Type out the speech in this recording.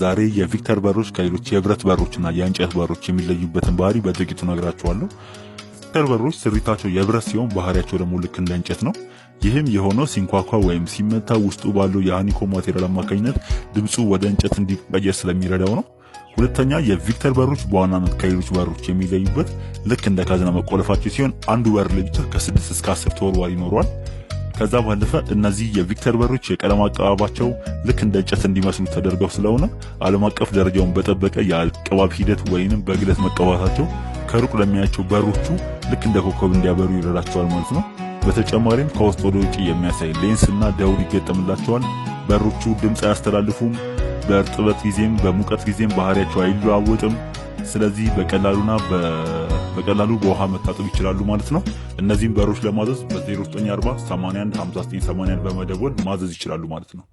ዛሬ የቪክተር በሮች ከሌሎች የብረት በሮችና የእንጨት በሮች የሚለዩበትን ባህሪ በጥቂቱ ነግራችኋለሁ። ቪክተር በሮች ስሪታቸው የብረት ሲሆን ባህሪያቸው ደግሞ ልክ እንደ እንጨት ነው። ይህም የሆነው ሲንኳኳ ወይም ሲመታ ውስጡ ባለው የአኒኮ ማቴሪያል አማካኝነት ድምፁ ወደ እንጨት እንዲቀየር ስለሚረዳው ነው። ሁለተኛ የቪክተር በሮች በዋናነት ከሌሎች በሮች የሚለዩበት ልክ እንደ ካዝና መቆለፋቸው ሲሆን አንዱ በር ለብቻ ከስድስት እስከ አስር ተወርዋር ይኖረዋል። ከዛ ባለፈ እነዚህ የቪክተር በሮች የቀለም አቀባባቸው ልክ እንደ እንጨት እንዲመስሉ ተደርገው ስለሆነ ዓለም አቀፍ ደረጃውን በጠበቀ የአቀባብ ሂደት ወይንም በግለት መቀባታቸው ከሩቅ ለሚያያቸው በሮቹ ልክ እንደ ኮከብ እንዲያበሩ ይረዳቸዋል ማለት ነው። በተጨማሪም ከውስጥ ወደ ውጭ የሚያሳይ ሌንስ እና ደውል ይገጠምላቸዋል። በሮቹ ድምፅ አያስተላልፉም። በእርጥበት ጊዜም በሙቀት ጊዜም ባህሪያቸው አይለዋወጥም። ስለዚህ በቀላሉና በቀላሉ በውሃ መታጠብ ይችላሉ ማለት ነው። እነዚህም በሮች ለማዘዝ በ0940 815981 በመደወል ማዘዝ ይችላሉ ማለት ነው።